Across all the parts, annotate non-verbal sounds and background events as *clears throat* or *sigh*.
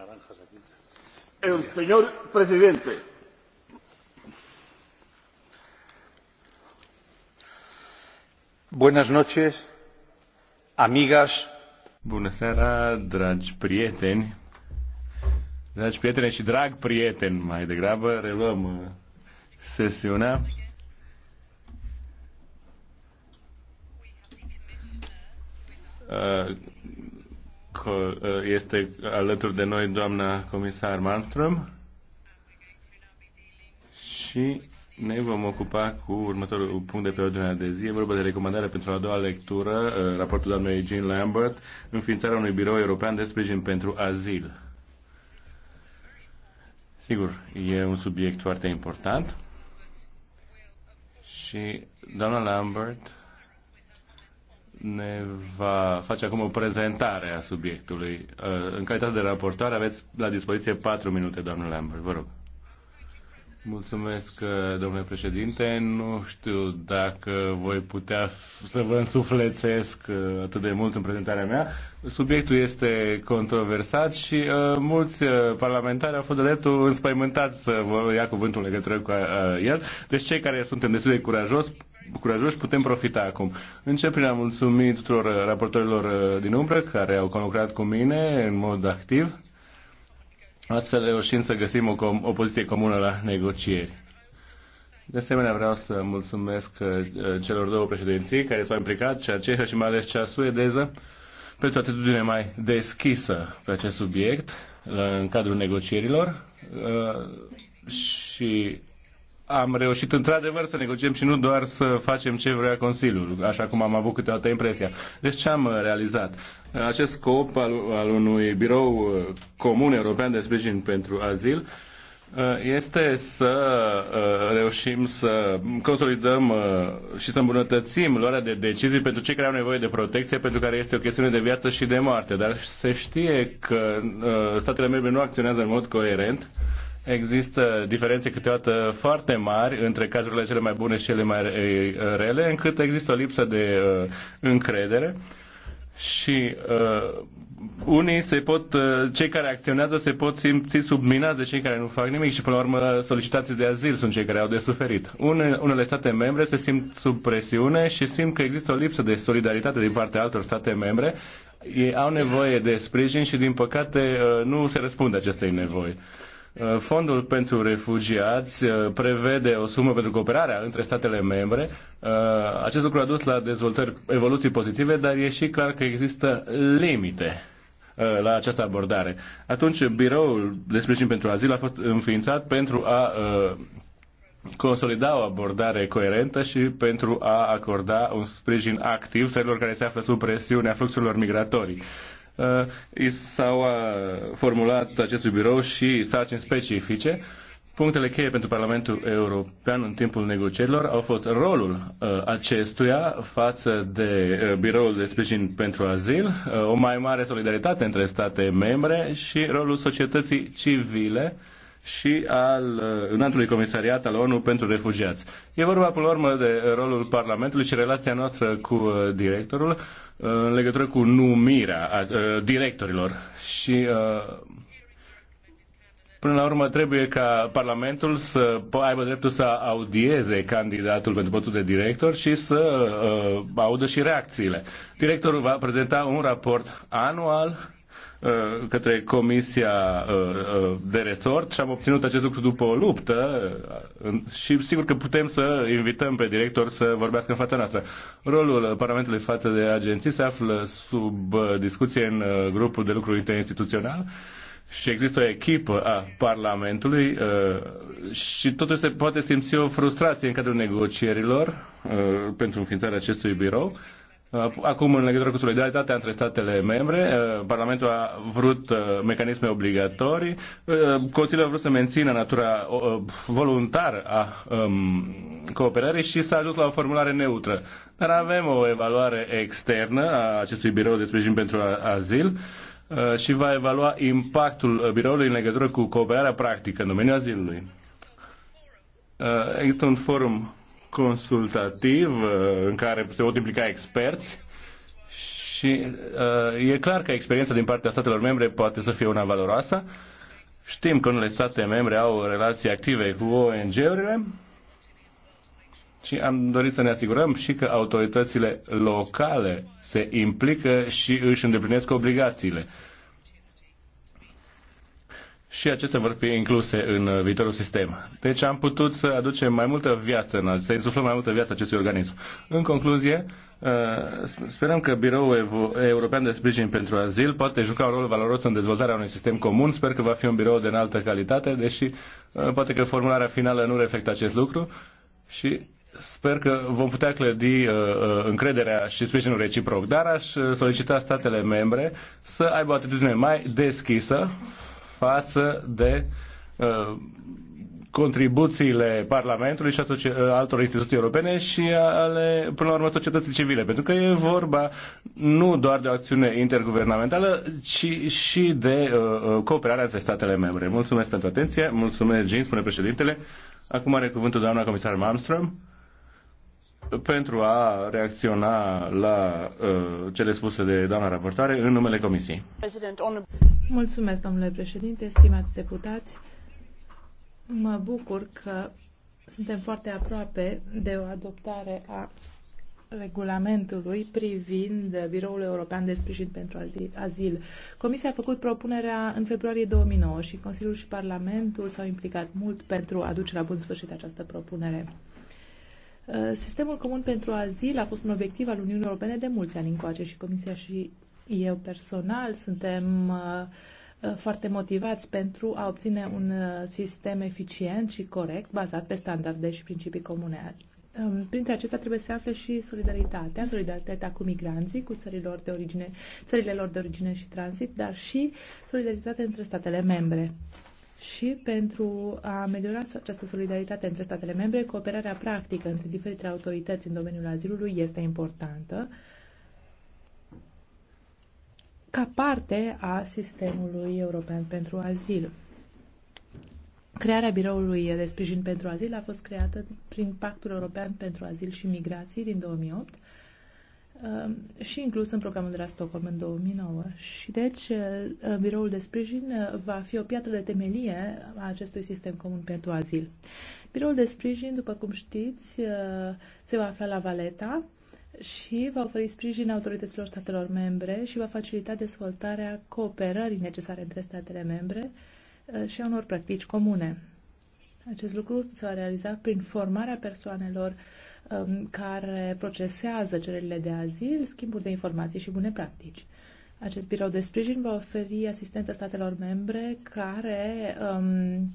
naranjas aquí. El señor presidente. Buenas noches, amigas. Bună seara, dragi prieteni. Dragi prieteni și drag prieten, mai degrabă, reluăm uh, sesiunea. Uh, că eh, este alături de noi doamna comisar Malmström și ne vom ocupa cu următorul punct de pe ordinea de zi. E vorba de recomandare pentru a doua lectură, eh, raportul doamnei Jean Lambert, înființarea unui birou european de sprijin pentru azil. Sigur, e un subiect foarte important și doamna Lambert ne va face acum o prezentare a subiectului. Uh, în calitate de raportoare aveți la dispoziție 4 minute, doamnă Lambert, vă rog. Mulțumesc, uh, domnule președinte. Nu știu dacă voi putea să vă însuflețesc uh, atât de mult în prezentarea mea. Subiectul este controversat și uh, mulți parlamentari au fost de dreptul înspăimântați să vă ia cuvântul în legătură cu uh, el. Deci cei care suntem destul de curajos curajoși putem profita acum. Încep prin a mulțumi tuturor uh, raportorilor uh, din umbră care au conlucrat cu mine în mod activ, astfel reușind să găsim o, com- o poziție comună la negocieri. De asemenea, vreau să mulțumesc uh, celor două președinții care s-au implicat, cea cehă și mai ales cea suedeză, pentru o atitudine mai deschisă pe acest subiect în cadrul negocierilor și am reușit într-adevăr să negociem și nu doar să facem ce vrea Consiliul, așa cum am avut câteodată impresia. Deci ce am realizat? Acest scop al, al unui birou uh, comun european de sprijin pentru azil uh, este să uh, reușim să consolidăm și să îmbunătățim luarea de decizii pentru cei care au nevoie de protecție, pentru care este o chestiune de viață și de moarte. Dar se știe că statele membre nu acționează în mod coerent există diferențe câteodată foarte mari între cazurile cele mai bune și cele mai eh, rele, încât există o lipsă de eh, încredere și uh, unii se pot, uh, cei care acționează se pot simți subminați de cei care nu fac nimic și până la urmă solicitații de azil sunt cei care au de suferit. Une, unele state membre se simt sub presiune și simt că există o lipsă de solidaritate din partea altor state membre. Ei au nevoie de sprijin și din păcate uh, nu se răspunde acestei nevoi. Uh, Uh, Fondul pentru refugiați uh, prevede o sumă pentru cooperarea între statele membre. Uh, acest lucru a dus la dezvoltări, evoluții pozitive, dar e și clar că există limite la această abordare. Atunci, biroul de sprijin pentru azil a fost înființat pentru a consolida o abordare coerentă și pentru a acorda un sprijin activ țărilor care se află sub presiunea fluxurilor migratorii. Uh, i s-au uh, formulat acestui birou și sarcini specifice. Punctele cheie pentru Parlamentul European în timpul negocierilor au fost rolul uh, acestuia față de uh, Biroul de Sprijin pentru Azil, uh, o mai mare solidaritate între state membre și rolul societății civile uh, și al uh, înaltului comisariat al ONU pentru refugiați. E vorba, până la urmă, de rolul Parlamentului și relația noastră cu uh, directorul uh, în legătură cu numirea directorilor. Și Până la urmă trebuie ca Parlamentul să aibă dreptul să audieze candidatul pentru postul de director și să audă și reacțiile. Directorul va prezenta un raport anual Uh, către Comisia uh, uh, de Resort și am obținut acest lucru după o luptă și sigur că putem să invităm pe director să vorbească în fața noastră. Rolul Parlamentului față de agenții se află sub discuție în grupul de lucru interinstituțional și există o echipă a Parlamentului și totuși se poate simți o frustrație în cadrul negocierilor pentru înființarea acestui birou. Uh, acum, în legătură cu solidaritatea între statele membre, uh, Parlamentul a vrut uh, mecanisme obligatorii, Consiliul a vrut să mențină natura voluntară a um, cooperării și s-a ajuns la o formulare neutră. Dar avem o evaluare externă a acestui birou de sprijin pentru azil și va evalua impactul biroului în legătură cu cooperarea practică în domeniul azilului. Există un forum consultativ uh, în care se pot implica experți și uh, e clar că experiența din partea statelor membre poate să fie una valoroasă. Știm că unele state membre au relații active cu ONG-urile și am dorit să ne asigurăm și că autoritățile locale se implică și își îndeplinesc obligațiile și acestea vor fi incluse în uh, viitorul sistem. Deci am putut să aducem mai multă viață, să insuflăm mai multă viață acestui organism. În concluzie, uh, sperăm că Biroul European de Sprijin pentru Azil poate juca un rol valoros în dezvoltarea unui sistem comun. Sper că va fi un birou de înaltă calitate, deși uh, poate că formularea finală nu reflectă acest lucru și Sper că vom putea clădi uh, încrederea și sprijinul reciproc, dar aș solicita statele membre să aibă o atitudine mai deschisă față de uh, contribuțiile Parlamentului și a uh, altor instituții europene și ale, până la urmă, societății civile. Pentru că e vorba nu doar de o acțiune interguvernamentală, ci și de uh, uh, cooperarea între statele membre. Mulțumesc pentru atenție, mulțumesc, Jean, spune președintele. Acum are cuvântul doamna comisar Malmström pentru a reacționa la uh, cele spuse de doamna raportoare în numele Comisiei. Mulțumesc, domnule președinte, stimați deputați. Mă bucur că suntem foarte aproape de o adoptare a regulamentului privind Biroul European de Sprijin pentru Azil. Comisia a făcut propunerea în februarie 2009 și Consiliul și Parlamentul s-au implicat mult pentru a duce la bun sfârșit această propunere. Sistemul comun pentru azil a fost un obiectiv al Uniunii Europene de mulți ani încoace și Comisia și eu personal suntem uh, uh, foarte motivați pentru a obține un uh, sistem eficient și corect bazat pe standarde și principii comune. Um, printre acestea trebuie să se afle și solidaritatea, solidaritatea cu migranții, cu țărilor de origine, țările lor de origine și tranzit, dar și solidaritatea între statele membre. Și pentru a ameliora această solidaritate între statele membre, cooperarea practică între diferite autorități în domeniul azilului este importantă ca parte a sistemului european pentru azil. Crearea biroului de sprijin pentru azil a fost creată prin Pactul European pentru Azil și Migrații din 2008 um, și inclus în programul de la Stockholm în 2009. Și deci uh, biroul de sprijin uh, va fi o piatră de temelie a acestui sistem comun pentru azil. Biroul de sprijin, după cum știți, uh, se va afla la Valeta, și va oferi sprijin autorităților statelor membre și va facilita dezvoltarea cooperării necesare între statele membre uh, și a unor practici comune. Acest lucru se va realiza prin formarea persoanelor um, care procesează cererile de azil, schimburi de informații și bune practici. Acest birou de sprijin va oferi asistența statelor membre care um,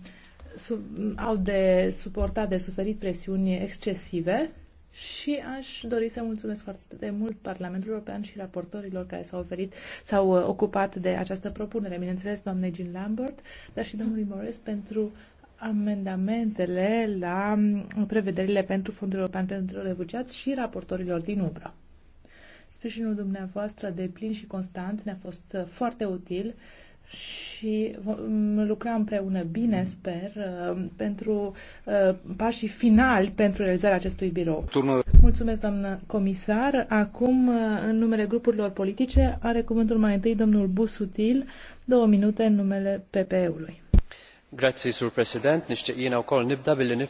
sub, au de suportat, de suferit presiuni excesive și aș dori să mulțumesc foarte mult Parlamentul European și raportorilor care s-au oferit, s-au uh, ocupat de această propunere, bineînțeles doamnei Jean Lambert, dar și domnului Morris pentru amendamentele la um, prevederile pentru Fondul European pentru Refugiați și raportorilor din UBRA. Sprijinul dumneavoastră de plin și constant ne-a fost uh, foarte util și vom mm, lucra împreună bine, sper, uh, pentru uh, pașii finali pentru realizarea acestui birou. Turnă. Mulțumesc, doamnă comisar. Acum, uh, în numele grupurilor politice, are cuvântul mai întâi domnul Busutil, două minute în numele PPE-ului. Grazie, sur president. niște u n nibda billi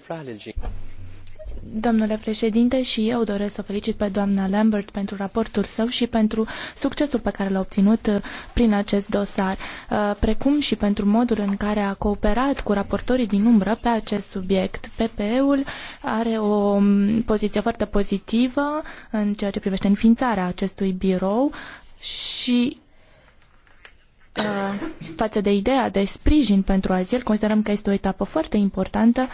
Domnule președinte, și eu doresc să felicit pe doamna Lambert pentru raportul său și pentru succesul pe care l-a obținut uh, prin acest dosar, uh, precum și pentru modul în care a cooperat cu raportorii din umbră pe acest subiect. PPE-ul are o um, poziție foarte pozitivă în ceea ce privește înființarea acestui birou și uh, față de ideea de sprijin pentru azil, considerăm că este o etapă foarte importantă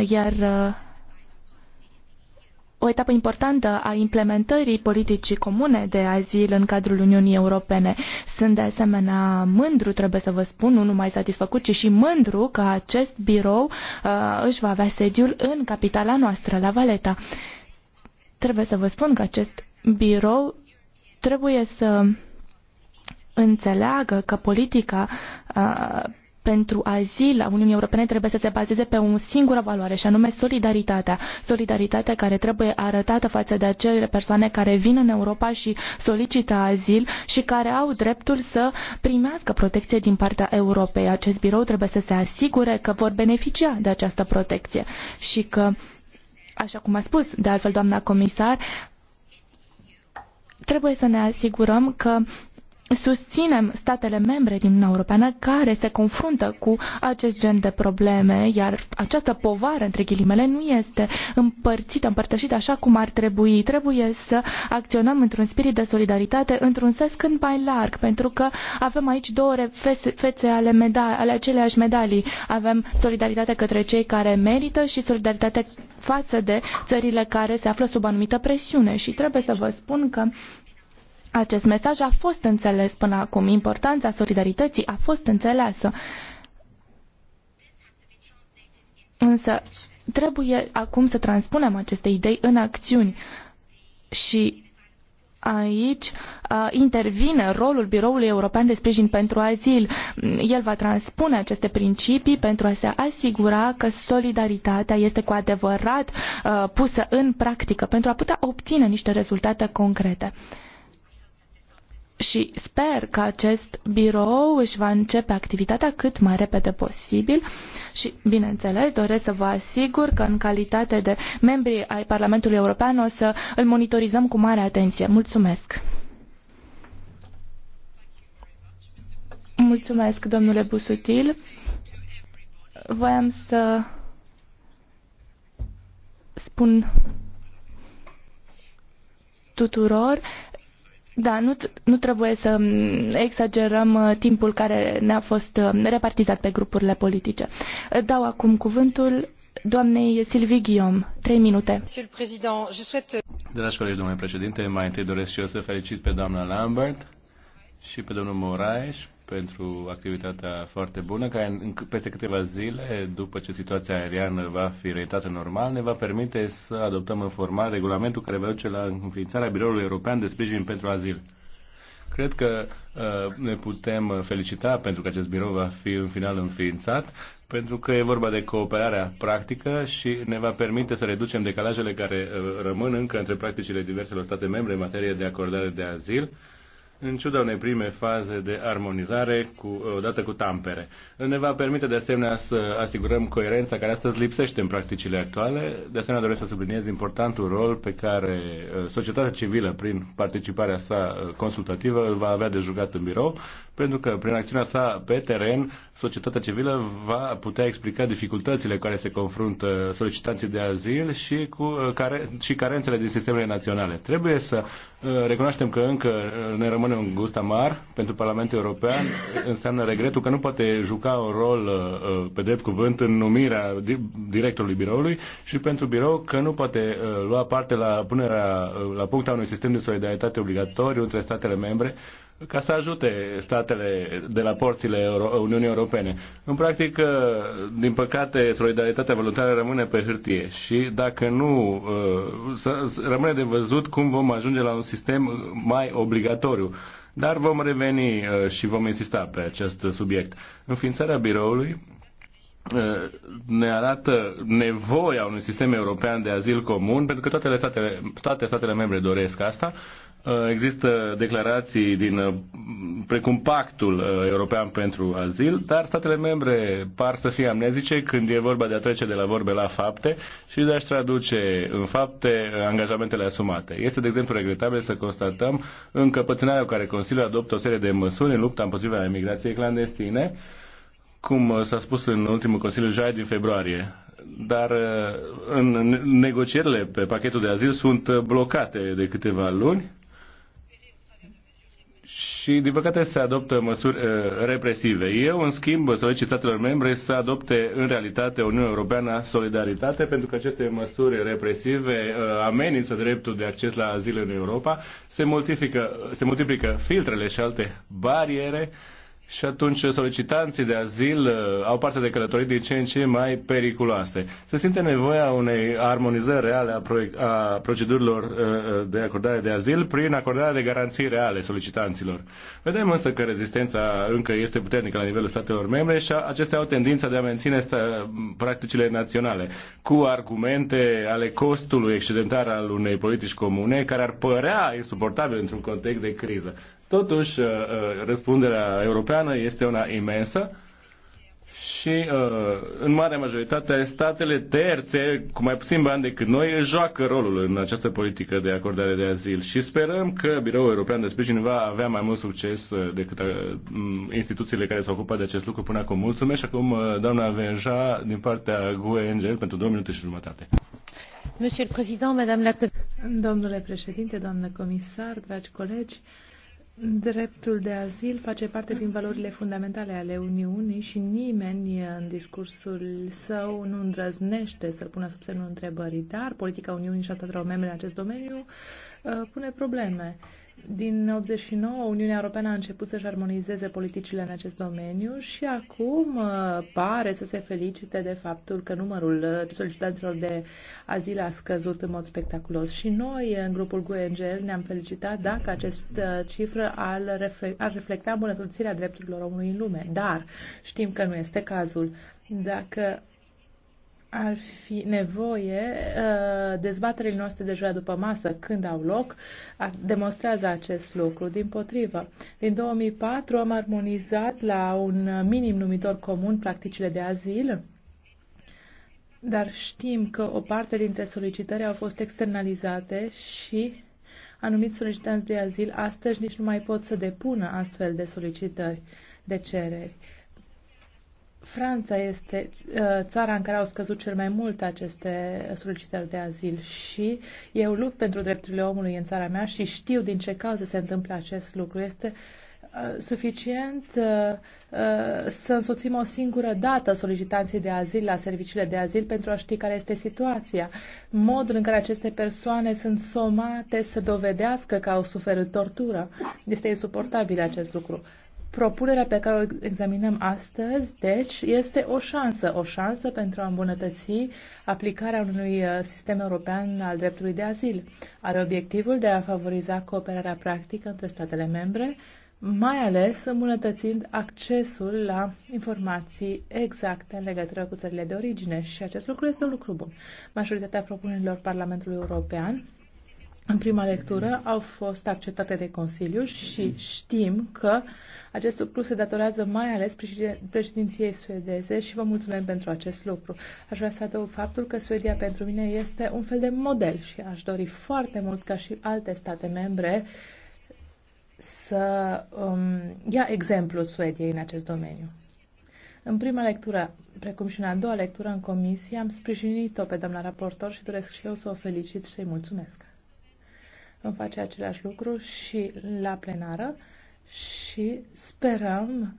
iar o etapă importantă a implementării politicii comune de azil în cadrul Uniunii Europene. Sunt de asemenea mândru, trebuie să vă spun, nu numai satisfăcut, ci și mândru că acest birou uh, își va avea sediul în capitala noastră, la Valeta. Trebuie să vă spun că acest birou trebuie să înțeleagă că politica uh, pentru azil a Uniunii Europene trebuie să se bazeze pe o singură valoare și anume solidaritatea. Solidaritatea care trebuie arătată față de acele persoane care vin în Europa și solicită azil și care au dreptul să primească protecție din partea Europei. Acest birou trebuie să se asigure că vor beneficia de această protecție și că, așa cum a spus de altfel doamna comisar, trebuie să ne asigurăm că susținem statele membre din Uniunea Europeană care se confruntă cu acest gen de probleme, iar această povară, între ghilimele, nu este împărțită, împărtășită așa cum ar trebui. Trebuie să acționăm într-un spirit de solidaritate, într-un sens cât mai larg, pentru că avem aici două fețe ale, meda- ale medalii. Avem solidaritate către cei care merită și solidaritate față de țările care se află sub anumită presiune. Și trebuie să vă spun că acest mesaj a fost înțeles până acum. Importanța solidarității a fost înțeleasă. Însă trebuie acum să transpunem aceste idei în acțiuni și aici uh, intervine rolul Biroului European de Sprijin pentru Azil. El va transpune aceste principii pentru a se asigura că solidaritatea este cu adevărat uh, pusă în practică pentru a putea obține niște rezultate concrete și sper că acest birou își va începe activitatea cât mai repede posibil și, bineînțeles, doresc să vă asigur că în calitate de membri ai Parlamentului European o să îl monitorizăm cu mare atenție. Mulțumesc! Mulțumesc, domnule Busutil. Voiam să spun tuturor da, nu, nu trebuie să mm, exagerăm uh, timpul care ne-a fost uh, repartizat pe grupurile politice. Uh, dau acum cuvântul doamnei Sylvie Guillaume. Trei minute. Dragi colegi, domnule președinte, mai întâi doresc și eu să felicit pe doamna Lambert și pe domnul Moraes pentru activitatea foarte bună, care în, peste câteva zile, după ce situația aeriană va fi reitată normal, ne va permite să adoptăm în formal regulamentul care va duce la înființarea Biroului European de Sprijin pentru Azil. Cred că uh, ne putem felicita pentru că acest birou va fi în final înființat, pentru că e vorba de cooperarea practică și ne va permite să reducem decalajele care uh, rămân încă între practicile diverselor state membre în materie de acordare de azil în ciuda unei prime faze de armonizare cu, odată cu tampere. Ne va permite de asemenea să asigurăm coerența care astăzi lipsește în practicile actuale. De asemenea doresc să subliniez importantul rol pe care uh, societatea civilă prin participarea sa uh, consultativă îl va avea de jucat în birou pentru că prin acțiunea sa pe teren, societatea civilă va putea explica dificultățile care se confruntă solicitanții de azil și, cu, uh, care, și carențele din sistemele naționale. Trebuie să uh, recunoaștem că încă uh, ne rămâne un gust amar pentru Parlamentul European, *coughs* înseamnă regretul că nu poate juca un rol pe drept cuvânt în numirea directorului biroului și pentru birou că nu poate lua parte la punerea la punctul unui sistem de solidaritate obligatoriu între statele membre ca să ajute statele de la porțile Uniunii Europene. În practică, din păcate, solidaritatea voluntară rămâne pe hârtie și dacă nu, ă, rămâne de văzut cum vom ajunge la un sistem mai obligatoriu. Dar vom reveni ă, și vom insista pe acest subiect. Înființarea biroului ă, ne arată nevoia unui sistem european de azil comun, pentru că toate statele, toate statele membre doresc asta Uh, există declarații din, uh, precum Pactul uh, European pentru Azil, dar statele membre par să fie amnezice când e vorba de a trece de la vorbe la fapte și de a-și traduce în fapte angajamentele asumate. Este, de exemplu, regretabil să constatăm încăpățânarea cu care Consiliul adoptă o serie de măsuri în lupta împotriva emigrației clandestine, cum s-a spus în ultimul Consiliu Jai din februarie dar în negocierile pe pachetul de azil sunt blocate de câteva luni și, din păcate, se adoptă măsuri uh, represive. Eu, în schimb, solicit statelor membre să adopte, în realitate, Uniunea Europeană solidaritate, pentru că aceste măsuri represive uh, amenință dreptul de acces la azil în Europa, se se multiplică filtrele și alte bariere uh, și atunci solicitanții de azil uh, au parte de călătorii din ce în ce mai periculoase. Se simte nevoia unei armonizări reale a, a procedurilor uh, uh, de acordare de azil prin acordarea de garanții reale solicitanților. Vedem însă că rezistența încă este puternică la nivelul statelor membre și acestea au tendința de a menține practicile naționale cu argumente ale costului excedentar al unei politici comune care ar părea insuportabil într-un context de criză. Totuși, uh, uh, răspunderea europeană este una imensă și uh, în marea majoritate statele terțe, cu mai puțin bani decât noi, joacă rolul în această politică de acordare de azil și sperăm că Biroul European de Sprijin va avea mai mult succes decât instituțiile care s-au ocupat de acest lucru până acum. Mulțumesc și acum doamna Venja din partea GUE pentru două minute și jumătate. Domnule președinte, doamnă comisar, dragi colegi, Dreptul de azil face parte din valorile fundamentale ale Uniunii și nimeni în discursul său nu îndrăznește să-l pună sub semnul întrebării, dar politica Uniunii și a statelor membre în acest domeniu uh, pune probleme. Din 89, Uniunea Europeană a început să-și armonizeze politicile în acest domeniu și acum uh, pare să se felicite de faptul că numărul uh, solicitanților de azil a scăzut în mod spectaculos. Și noi, în grupul GUENGEL, ne-am felicitat dacă această uh, cifră ar reflecta îmbunătățirea drepturilor omului în lume. Dar știm că nu este cazul. Dacă ar fi nevoie, uh, dezbaterile noastre de joia după masă, când au loc, demonstrează acest lucru. Din potrivă, din 2004 am armonizat la un minim numitor comun practicile de azil, dar știm că o parte dintre solicitări au fost externalizate și anumiți solicitanți de azil astăzi nici nu mai pot să depună astfel de solicitări de cereri. Franța este uh, țara în care au scăzut cel mai mult aceste solicitări de azil și eu lupt pentru drepturile omului în țara mea și știu din ce cauze se întâmplă acest lucru. Este uh, suficient uh, să însoțim o singură dată solicitanții de azil la serviciile de azil pentru a ști care este situația. Modul în care aceste persoane sunt somate să dovedească că au suferit tortură. Este insuportabil acest lucru. Propunerea pe care o examinăm astăzi, deci, este o șansă, o șansă pentru a îmbunătăți aplicarea unui uh, sistem european al dreptului de azil. Are obiectivul de a favoriza cooperarea practică între statele membre, mai ales îmbunătățind accesul la informații exacte în legătură cu țările de origine și acest lucru este un lucru bun. Majoritatea propunerilor Parlamentului European în prima lectură au fost acceptate de Consiliu și știm că acest lucru se datorează mai ales președinției suedeze și vă mulțumim pentru acest lucru. Aș vrea să adăug faptul că Suedia pentru mine este un fel de model și aș dori foarte mult ca și alte state membre să um, ia exemplul Suediei în acest domeniu. În prima lectură, precum și în a doua lectură în comisie, am sprijinit-o pe doamna raportor și doresc și eu să o felicit și să-i mulțumesc vom face același lucru și la plenară și sperăm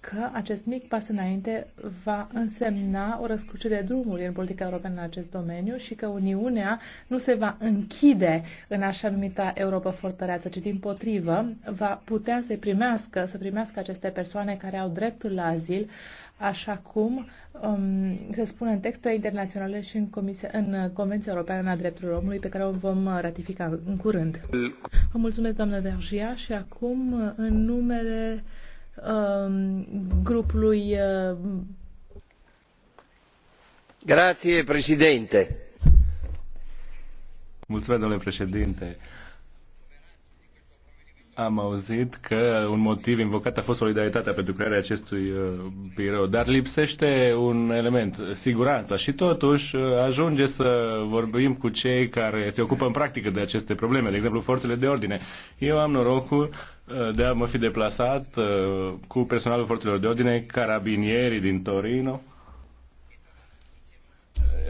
că acest mic pas înainte va însemna o răscruce de drumuri în politica europeană în acest domeniu și că Uniunea nu se va închide în așa numita Europa fortăreață, ci din potrivă va putea să primească, să primească aceste persoane care au dreptul la azil, așa cum um, se spune în textele internaționale și în, comise, în uh, Convenția Europeană a Drepturilor Omului, pe care o vom uh, ratifica în curând. Vă mulțumesc, doamnă Vergia, și acum, uh, în numele um, grupului. Uh, Grație, președinte. Mulțumesc, domnule președinte am auzit că un motiv invocat a fost solidaritatea pentru crearea acestui uh, birou, dar lipsește un element, siguranța. Și totuși uh, ajunge să vorbim cu cei care se ocupă în practică de aceste probleme, de exemplu forțele de ordine. Eu am norocul uh, de a mă fi deplasat cu personalul forțelor de ordine, carabinierii din Torino,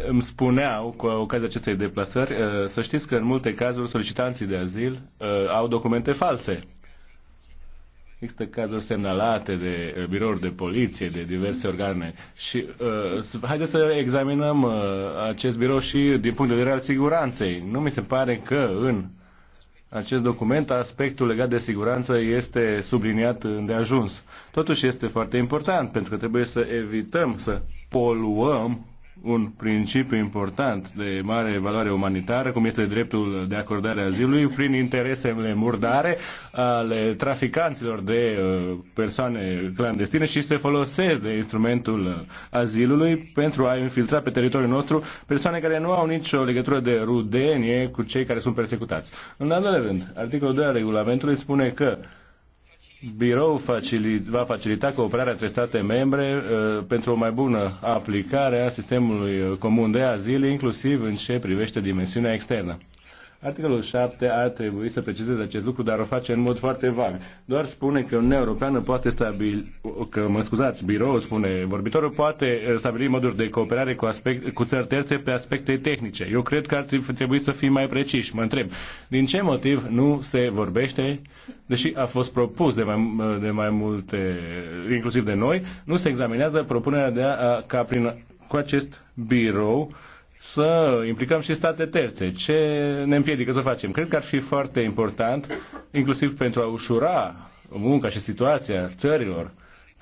îmi spuneau cu ocazia acestei deplasări, eh, să știți că în multe cazuri solicitanții de azil eh, au documente false. Există cazuri semnalate de eh, birouri de poliție, de diverse organe. Și uh, haideți să examinăm uh, acest birou și din punct de vedere al siguranței. Nu mi se pare că în acest document aspectul legat de siguranță este subliniat îndeajuns. Totuși este foarte important pentru că trebuie să evităm să poluăm un principiu important de mare valoare umanitară, cum este dreptul de acordare a zilului, prin interesele murdare ale traficanților de uh, persoane clandestine și se folosesc de instrumentul azilului pentru a infiltra pe teritoriul nostru persoane care nu au nicio legătură de rudenie cu cei care sunt persecutați. În al doilea rând, articolul 2 al regulamentului spune că uh, birou facili, va facilita cooperarea între state membre uh, pentru o mai bună aplicare a sistemului uh, comun de azil, inclusiv în ce privește dimensiunea externă. Articolul 7 ar trebui să precizeze acest lucru, dar o face în mod foarte vag. Doar spune că Uniunea Europeană poate stabili, că, mă scuzați, biroul spune, vorbitorul poate eh, stabili moduri de cooperare cu, aspect, cu țări terțe pe aspecte tehnice. Eu cred că ar trebui să fim mai preciși. Mă întreb, din ce motiv nu se vorbește, deși a fost propus de mai, de mai multe, inclusiv de noi, nu se examinează propunerea de a, ca prin, cu acest birou uh, să implicăm și state terțe. Ce ne împiedică să facem? Cred că ar fi foarte important, inclusiv pentru a ușura munca și situația țărilor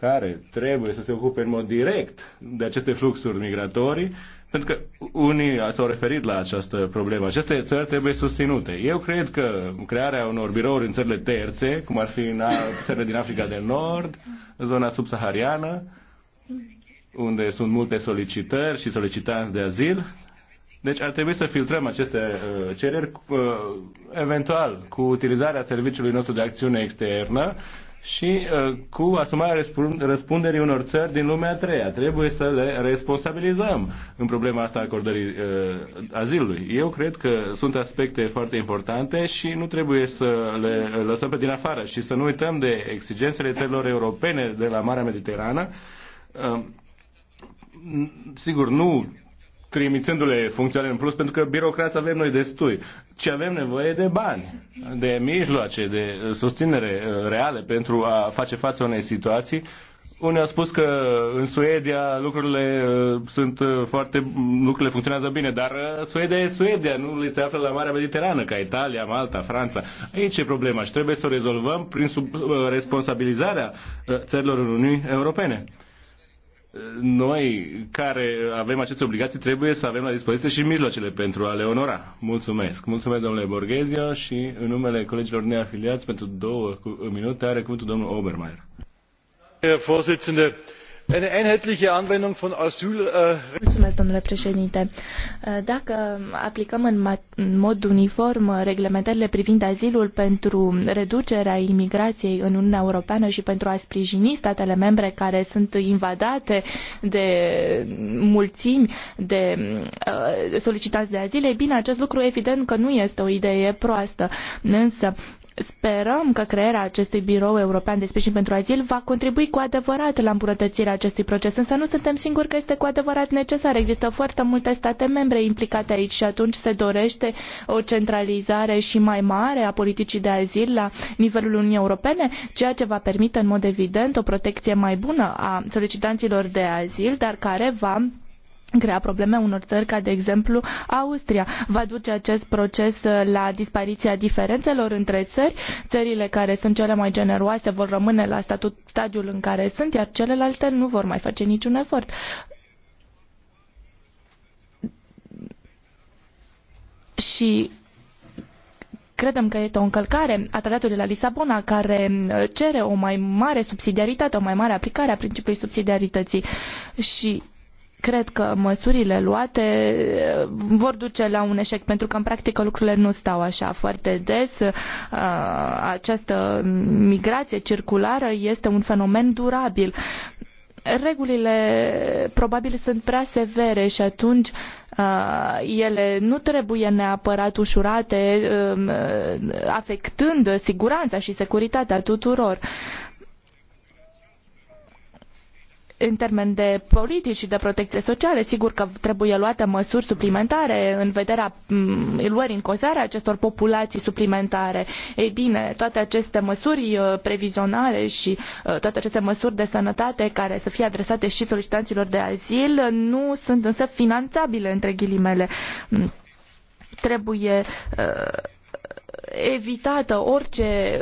care trebuie să se ocupe în mod direct de aceste fluxuri migratorii, pentru că unii s-au referit la această problemă. Aceste țări trebuie susținute. Eu cred că crearea unor birouri în țările terțe, cum ar fi în țările din Africa de Nord, zona subsahariană, unde sunt multe solicitări și solicitanți de azil. Deci ar trebui să filtrăm aceste uh, cereri, uh, eventual cu utilizarea serviciului nostru de acțiune externă și uh, cu asumarea răspunderii unor țări din lumea a treia. Trebuie să le responsabilizăm în problema asta a acordării uh, azilului. Eu cred că sunt aspecte foarte importante și nu trebuie să le uh, lăsăm pe din afară și să nu uităm de exigențele țărilor europene de la Marea Mediterană. Uh, sigur, nu trimițându-le funcțioare în plus, pentru că birocrați avem noi destui, Ce avem nevoie de bani, de mijloace, de uh, susținere uh, reale pentru a face față unei situații. Unii au spus că în Suedia lucrurile uh, sunt foarte, lucrurile funcționează bine, dar Suedia e Suedia, nu li se află la Marea Mediterană, ca Italia, Malta, Franța. Aici e problema și trebuie să o rezolvăm prin sub, responsabilizarea țărilor Uniunii Europene noi care avem aceste obligații trebuie să avem la dispoziție și mijloacele pentru a le onora. Mulțumesc. Mulțumesc, domnule Borghezio, și în numele colegilor neafiliați, pentru două minute, are cuvântul domnul Obermeier. Herr eine einheitliche Anwendung von äh, äh, Dacă aplicăm în, mod uniform reglementările privind azilul pentru reducerea imigrației în Uniunea Europeană și pentru a sprijini statele membre care sunt invadate de mulțimi de äh, solicitanți de azil, ei bine, acest lucru evident că nu este o idee proastă. Însă, Sperăm că crearea acestui birou european de sprijin pentru azil va contribui cu adevărat la îmbunătățirea acestui proces, însă nu suntem singuri că este cu adevărat necesar. Există foarte multe state membre implicate aici și atunci se dorește o centralizare și mai mare a politicii de azil la nivelul Uniunii Europene, ceea ce va permite în mod evident o protecție mai bună a solicitanților de azil, dar care va crea probleme unor țări ca, de exemplu, Austria. Va duce acest proces uh, la dispariția diferențelor între țări. Țările care sunt cele mai generoase vor rămâne la statut, stadiul în care sunt, iar celelalte nu vor mai face niciun efort. Și credem că este o încălcare a tratatului la Lisabona care uh, cere o mai mare subsidiaritate, o mai mare aplicare a principiului subsidiarității și cred că măsurile luate eh, vor duce la un eșec, pentru că în practică lucrurile nu stau așa foarte des. Eh, această migrație circulară este un fenomen durabil. Regulile probabil sunt prea severe și atunci eh, ele nu trebuie neapărat ușurate, afectând siguranța și securitatea tuturor în termen de politici și de protecție socială, sigur că trebuie luate măsuri suplimentare în vederea mm, luării în considerare acestor populații suplimentare. Ei bine, toate aceste măsuri uh, previzionale și uh, toate aceste măsuri de sănătate care să fie adresate și solicitanților de azil uh, nu sunt însă finanțabile, între ghilimele. Mm, trebuie uh, evitată orice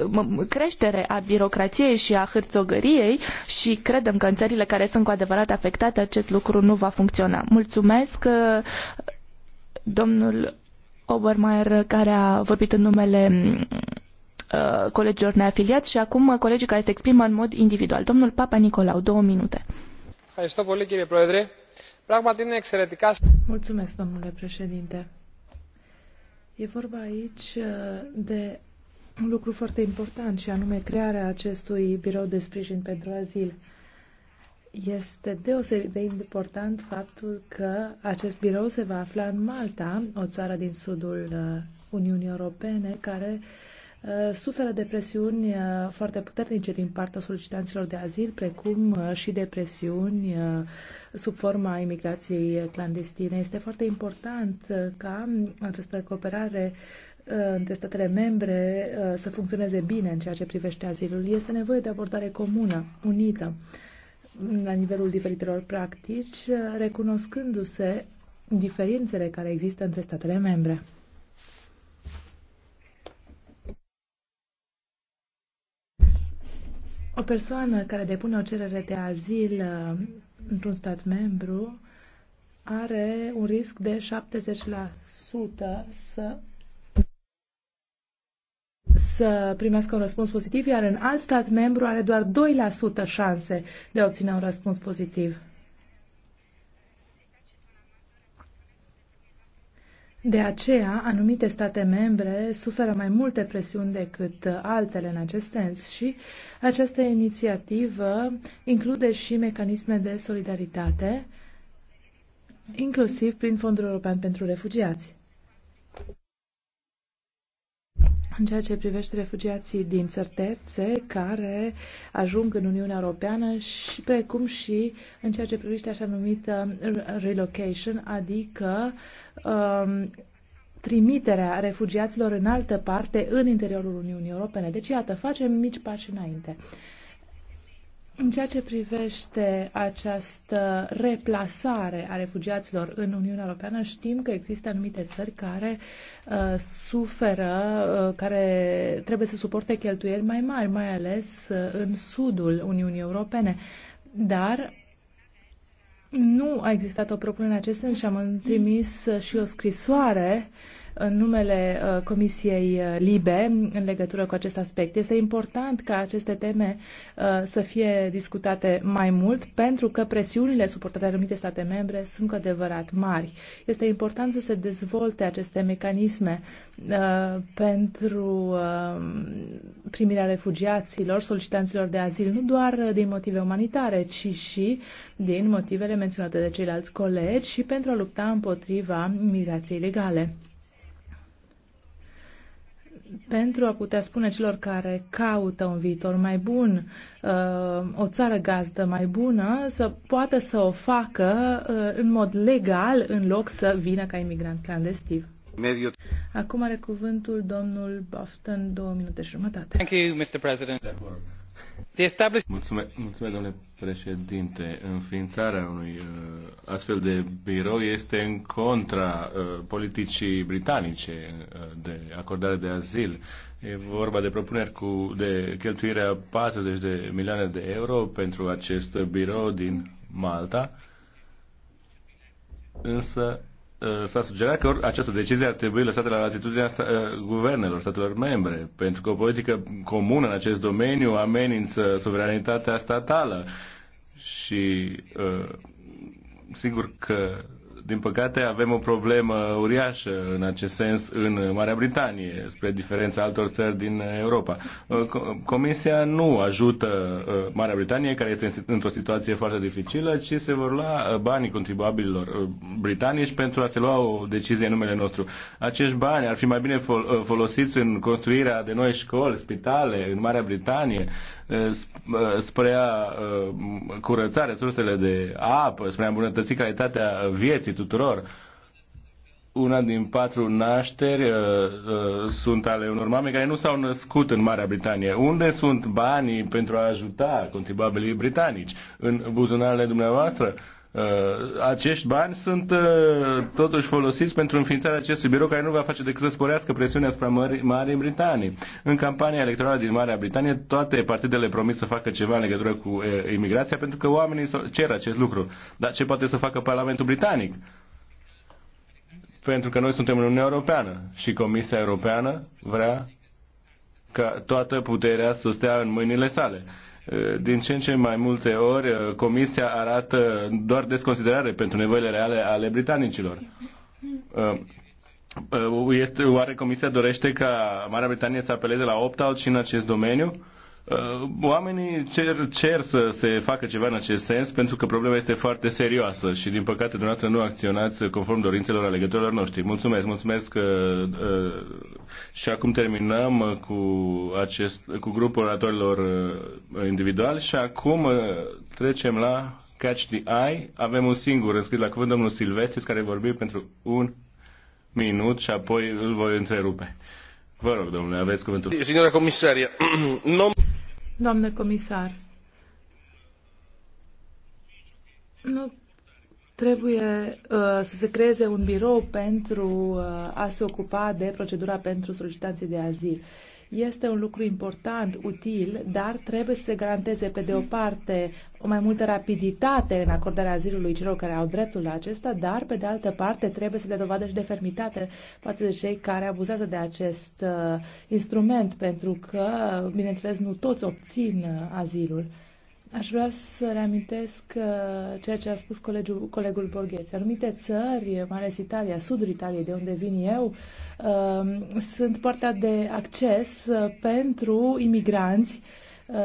creștere a birocrației și a hârțogăriei și credem că în țările care sunt cu adevărat afectate acest lucru nu va funcționa. Mulțumesc uh, domnul Obermeier care a vorbit în numele uh, colegilor neafiliați și acum uh, colegii care se exprimă în mod individual. Domnul Papa Nicolau, două minute. Mulțumesc, domnule președinte. E vorba aici uh, de un lucru foarte important și anume crearea acestui birou de sprijin pentru azil. Este deosebit de important faptul că acest birou se va afla în Malta, o țară din sudul uh, Uniunii Europene, care uh, Uh, suferă de presiuni uh, foarte puternice din partea solicitanților de azil, precum uh, și de presiuni sub forma imigrației clandestine. Este foarte important ca această cooperare între statele membre să funcționeze bine în ceea ce privește azilul. Este nevoie de abordare comună, unită, mm, la nivelul diferitelor practici, recunoscându-se diferențele care există între statele membre. O persoană care depune o cerere de azil uh, într-un stat membru are un risc de 70% să să primească un răspuns pozitiv, iar în alt stat membru are doar 2% șanse de a obține un răspuns pozitiv. De aceea, anumite state membre suferă mai multe presiuni decât altele în acest sens și această inițiativă include și mecanisme de solidaritate, inclusiv prin Fondul European pentru Refugiați. în ceea ce privește refugiații din țări terțe care ajung în Uniunea Europeană și precum și în ceea ce privește așa numită relocation, adică um, trimiterea refugiaților în altă parte în interiorul Uniunii Europene. Deci, iată, facem mici pași înainte. În ceea ce privește această replasare a refugiaților în Uniunea Europeană, știm că există anumite țări care uh, suferă, uh, care trebuie să suporte cheltuieli mai mari, mai ales uh, în sudul Uniunii Europene. Dar nu a existat o propunere în acest sens și am trimis uh, și o scrisoare uh, în numele uh, Comisiei uh, Libe în legătură cu acest aspect. Este important ca aceste teme uh, să fie discutate mai mult pentru că presiunile suportate de anumite state membre sunt cu adevărat mari. Este important să se dezvolte aceste mecanisme pentru primirea refugiaților, solicitanților de azil, nu doar din motive umanitare, ci și din motivele menționate de ceilalți colegi și pentru a lupta împotriva migrației ilegale pentru a putea spune celor care caută un viitor mai bun, uh, o țară gazdă mai bună, să poată să o facă uh, în mod legal, în loc să vină ca imigrant clandestiv. Acum are cuvântul domnul Bafton, două minute și jumătate. Thank you, Mr. President. Mulțumesc, mulțumesc, domnule președinte. Înființarea unui uh, astfel de birou este în contra uh, politicii britanice uh, de acordare de azil. E vorba de propuneri cu, de cheltuirea 40 de milioane de euro pentru acest birou din Malta, însă Uh, s-a sugerat că această decizie ar trebui lăsată la latitudinea uh, guvernelor, statelor membre, pentru că o politică comună în acest domeniu amenință suveranitatea statală și uh, sigur că din păcate, avem o problemă uriașă în acest sens în Marea Britanie, spre diferența altor țări din Europa. Uh, Comisia nu ajută uh, Marea Britanie, care este într-o situație foarte dificilă, ci se vor lua uh, banii contribuabililor britanici pentru a se lua o decizie în numele nostru. Acești bani ar fi mai bine folosiți în construirea de noi școli, spitale în Marea Britanie, spre a uh, curăța resursele de apă, spre a îmbunătăți calitatea vieții tuturor. Una din patru nașteri uh, uh, sunt ale unor mame care nu s-au născut în Marea Britanie. Unde sunt banii pentru a ajuta contribuabilii britanici? În buzunarele dumneavoastră? Uh, Uh, acești bani sunt uh, totuși folosiți pentru înființarea acestui birou care nu va face decât să sporească presiunea asupra Marii Britanii. În campania electorală din Marea Britanie, toate partidele promit să facă ceva în legătură cu uh, imigrația pentru că oamenii cer acest lucru. Dar ce poate să facă Parlamentul Britanic? Pentru că noi suntem în Uniunea Europeană și Comisia Europeană vrea ca toată puterea să stea în mâinile sale din ce în ce mai multe ori uh, Comisia arată doar desconsiderare pentru nevoile reale ale britanicilor. Uh, uh, este, oare Comisia dorește ca Marea Britanie să apeleze la opt-out și în acest domeniu? Uh, oamenii cer, cer să se facă ceva în acest sens pentru că problema este foarte serioasă și din păcate dumneavoastră nu acționați conform dorințelor alegătorilor noștri. Mulțumesc, mulțumesc că, uh, uh, și acum terminăm cu, acest, cu grupul oratorilor individual și acum trecem la Catch the Eye. Avem un singur înscris la cuvânt, domnul Silvestris, care vorbi pentru un minut și apoi îl voi întrerupe. Vă rog, domnule, aveți cuvântul. Signora comisaria, *clears throat* non... Doamnă comisar, nu trebuie uh, să se creeze un birou pentru uh, a se ocupa de procedura pentru solicitanții de azil. Este un lucru important, util, dar trebuie să se garanteze, pe de o parte, o mai multă rapiditate în acordarea azilului celor care au dreptul la acesta, dar, pe de altă parte, trebuie să le dovadă și de fermitate față de cei care abuzează de acest uh, instrument, pentru că, bineînțeles, nu toți obțin uh, azilul. Aș vrea să reamintesc uh, ceea ce a spus colegul, colegul Borgheți. Anumite țări, mai ales Italia, sudul Italiei, de unde vin eu, um, sunt poarta de acces uh, pentru imigranți uh,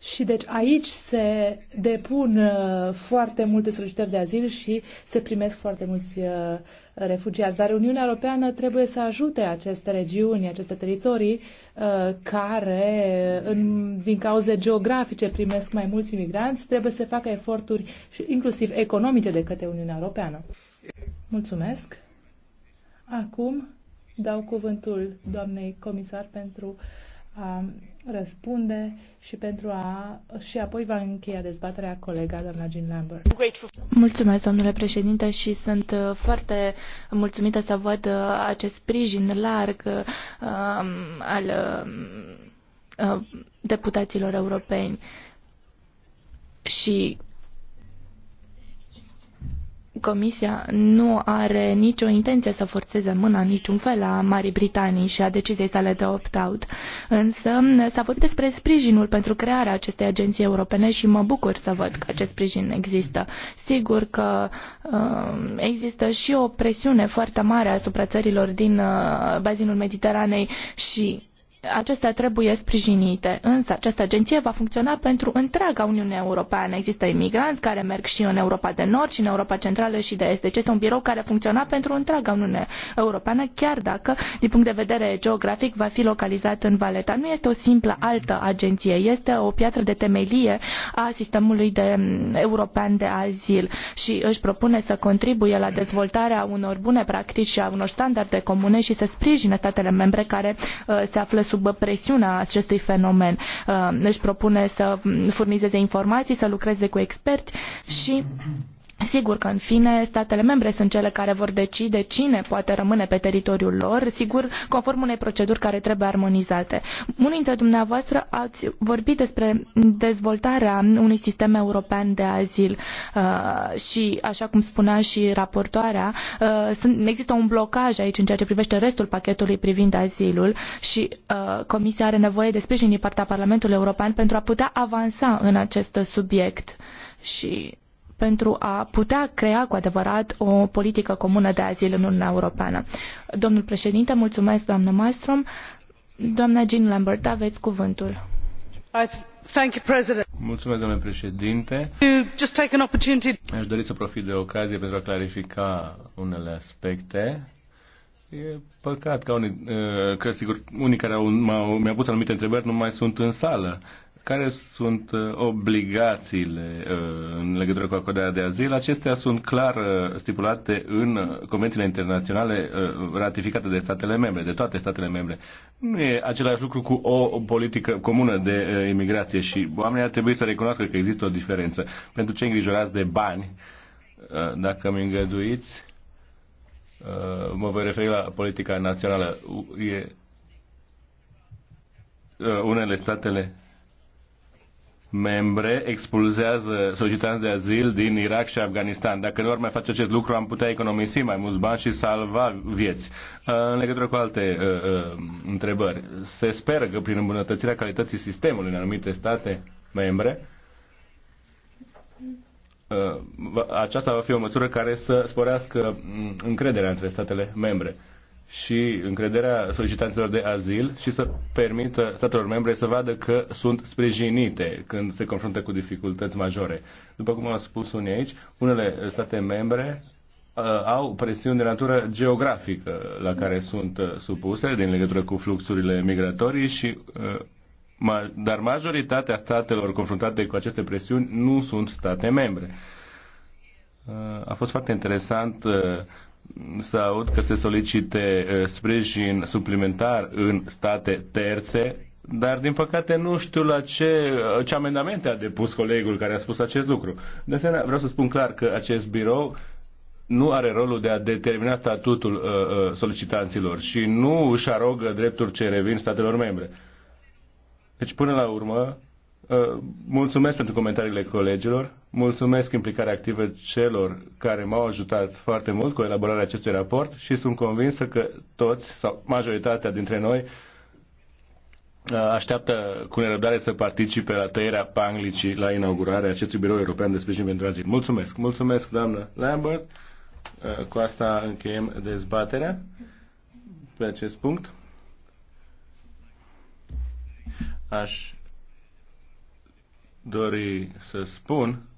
și deci aici se depun uh, foarte multe solicitări de azil și se primesc foarte mulți uh, refugiați. Dar Uniunea Europeană trebuie să ajute aceste regiuni, aceste teritorii uh, care, în, din cauze geografice, primesc mai mulți imigranți. Trebuie să facă eforturi inclusiv economice de către Uniunea Europeană. Mulțumesc. Acum dau cuvântul doamnei comisar pentru a răspunde și pentru a și apoi va încheia dezbaterea colega doamna Jean Lambert. Mulțumesc, domnule președinte, și sunt uh, foarte mulțumită să văd uh, acest sprijin larg uh, um, al um, deputaților europeni și Comisia nu are nicio intenție să forțeze mâna în niciun fel a Marii Britanii și a deciziei sale de opt-out. Însă s-a vorbit despre sprijinul pentru crearea acestei agenții europene și mă bucur să văd că acest sprijin există. Sigur că uh, există și o presiune foarte mare asupra țărilor din uh, bazinul Mediteranei și acestea trebuie sprijinite. Însă această agenție va funcționa pentru întreaga Uniune Europeană. Există imigranți care merg și în Europa de Nord și în Europa Centrală și de Est. Deci este un birou care funcționa pentru întreaga Uniune Europeană, chiar dacă, din punct de vedere geografic, va fi localizat în Valeta. Nu este o simplă altă agenție, este o piatră de temelie a sistemului de, mm, european de azil și își propune să contribuie la dezvoltarea unor bune practici și a unor standarde comune și să sprijine statele membre care uh, se află sub presiunea acestui fenomen. Uh, își propune să furnizeze informații, să lucreze cu experți și Sigur că, în fine, statele membre sunt cele care vor decide cine poate rămâne pe teritoriul lor, sigur, conform unei proceduri care trebuie armonizate. Unii dintre dumneavoastră ați vorbit despre dezvoltarea unui sistem european de azil uh, și, așa cum spunea și raportoarea, uh, există un blocaj aici în ceea ce privește restul pachetului privind azilul și uh, Comisia are nevoie de sprijin din partea Parlamentului European pentru a putea avansa în acest subiect. Și pentru a putea crea cu adevărat o politică comună de azil în Uniunea Europeană. Domnul președinte, mulțumesc, doamnă Malmström. Doamna Jean Lambert, aveți cuvântul. Mulțumesc, domnule președinte. Aș dori să profit de ocazie pentru a clarifica unele aspecte. E păcat că unii, uh, că sigur, unii care mi-au pus anumite întrebări nu mai sunt în sală care sunt uh, obligațiile uh, în legătură cu acordarea de azil. Acestea sunt clar uh, stipulate în convențiile internaționale ratificate de statele membre, de toate statele membre. Nu e același lucru cu o politică comună de imigrație și oamenii ar trebui să recunoască că există o diferență. Pentru ce îngrijorați de bani, dacă mi îngăduiți, mă voi referi la politica națională. E unele statele membre expulzează solicitanți de azil din Irak și Afganistan. Dacă nu ar mai face acest lucru, am putea economisi mai mulți bani și salva vieți. Uh, în legătură cu alte uh, uh, întrebări, se speră că prin îmbunătățirea calității sistemului în anumite state membre, uh, aceasta va fi o măsură care să sporească mm, încrederea între statele membre și încrederea solicitanților de azil și să permită statelor membre să vadă că sunt sprijinite când se confruntă cu dificultăți majore. După cum am spus unii aici, unele state membre uh, au presiuni de natură geografică la care sunt uh, supuse din legătură cu fluxurile migratorii și uh, dar majoritatea statelor confruntate cu aceste presiuni nu sunt state membre. Uh, a fost foarte interesant uh, să aud că se solicite sprijin suplimentar în state terțe, dar din păcate nu știu la ce, ce amendamente a depus colegul care a spus acest lucru. De asemenea, vreau să spun clar că acest birou nu are rolul de a determina statutul uh, solicitanților și nu își arogă drepturi ce revin statelor membre. Deci, până la urmă, uh, mulțumesc pentru comentariile colegilor Mulțumesc implicarea activă celor care m-au ajutat foarte mult cu elaborarea acestui raport și sunt convins că toți sau majoritatea dintre noi așteaptă cu nerăbdare să participe la tăierea panglicii la inaugurarea acestui birou european de sprijin pentru azil. Mulțumesc! Mulțumesc, doamnă Lambert! Cu asta încheiem dezbaterea pe acest punct. Aș dori să spun